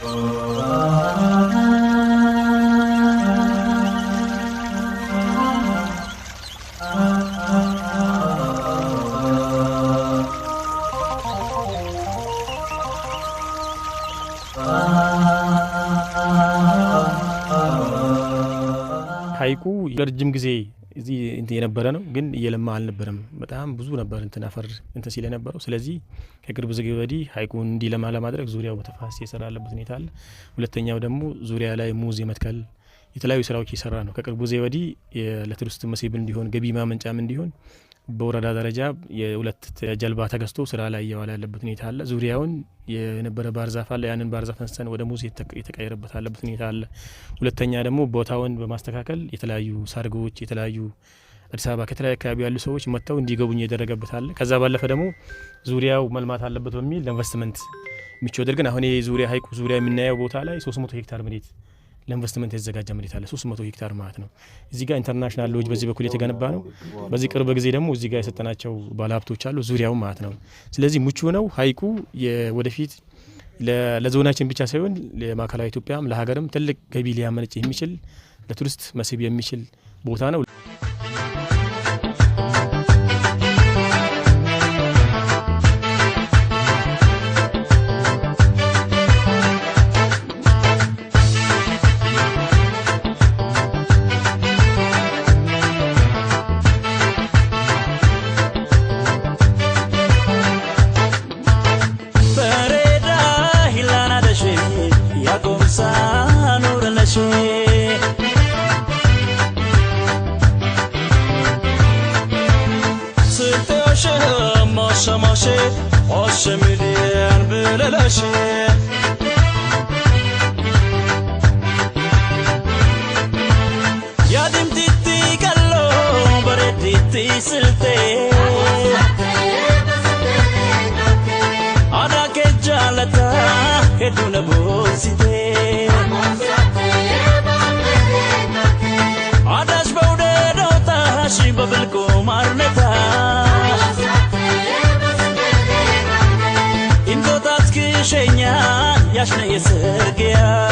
ታይቁ ለረጅም ጊዜ እዚህ የነበረ ነው፣ ግን እየለማ አልነበረም። በጣም ብዙ ነበር እንትን አፈር እንትን ሲለ ነበረው። ስለዚህ ከቅርብ ዝግ ወዲህ ሀይቁን እንዲለማ ለማድረግ ዙሪያው በተፋሰስ የሰራለበት ሁኔታ አለ። ሁለተኛው ደግሞ ዙሪያ ላይ ሙዝ የመትከል የተለያዩ ስራዎች እየሰራ ነው። ከቅርብ ጊዜ ወዲህ ለቱሪስት መስህብ እንዲሆን ገቢ ማመንጫም እንዲሆን በወረዳ ደረጃ የሁለት ጀልባ ተገዝቶ ስራ ላይ እየዋለ ያለበት ሁኔታ አለ። ዙሪያውን የነበረ ባህር አለ። ያንን ባህር አንስተን ወደ ሙዝ የተቀየረበት አለበት ሁኔታ አለ። ሁለተኛ ደግሞ ቦታውን በማስተካከል የተለያዩ ሰርጎች፣ የተለያዩ አዲስ አበባ ከተለያዩ አካባቢ ያሉ ሰዎች መጥተው እንዲገቡኝ የደረገበት አለ። ከዛ ባለፈ ደግሞ ዙሪያው መልማት አለበት በሚል ለኢንቨስትመንት ምቹ ያደርገን አሁን ዙሪያ ሀይቁ ዙሪያ የምናየው ቦታ ላይ 300 ሄክታር መሬት ለኢንቨስትመንት የተዘጋጀ መሬት አለ 300 ሄክታር ማለት ነው። እዚህ ጋር ኢንተርናሽናል ሎጅ በዚህ በኩል የተገነባ ነው። በዚህ ቅርብ ጊዜ ደግሞ እዚህ ጋር የሰጠናቸው ባለሀብቶች አሉ ዙሪያው ማለት ነው። ስለዚህ ምቹ ነው። ሀይቁ ወደፊት ለዞናችን ብቻ ሳይሆን ለማዕከላዊ ኢትዮጵያም ለሀገርም ትልቅ ገቢ ሊያመነጭ የሚችል ለቱሪስት መስህብ የሚችል ቦታ ነው። yatiin titi galoo bare titi sirite alaa kee jaalata kee duula boosite. ይሸኛል ያሽነ የስግያ